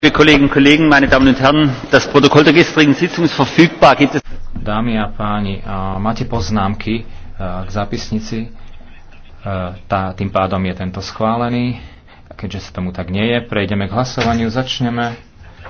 Liebe Kolleginnen und Kollegen, meine Damen und Herren, das Protokoll der gestrigen Sitzung ist verfügbar. Gibt es Dámy a páni, máte poznámky e, k zapisnici? zápisnici? E, tá, tým pádom je tento schválený. A Keďže sa tomu tak nie je, prejdeme k hlasovaniu. Začneme.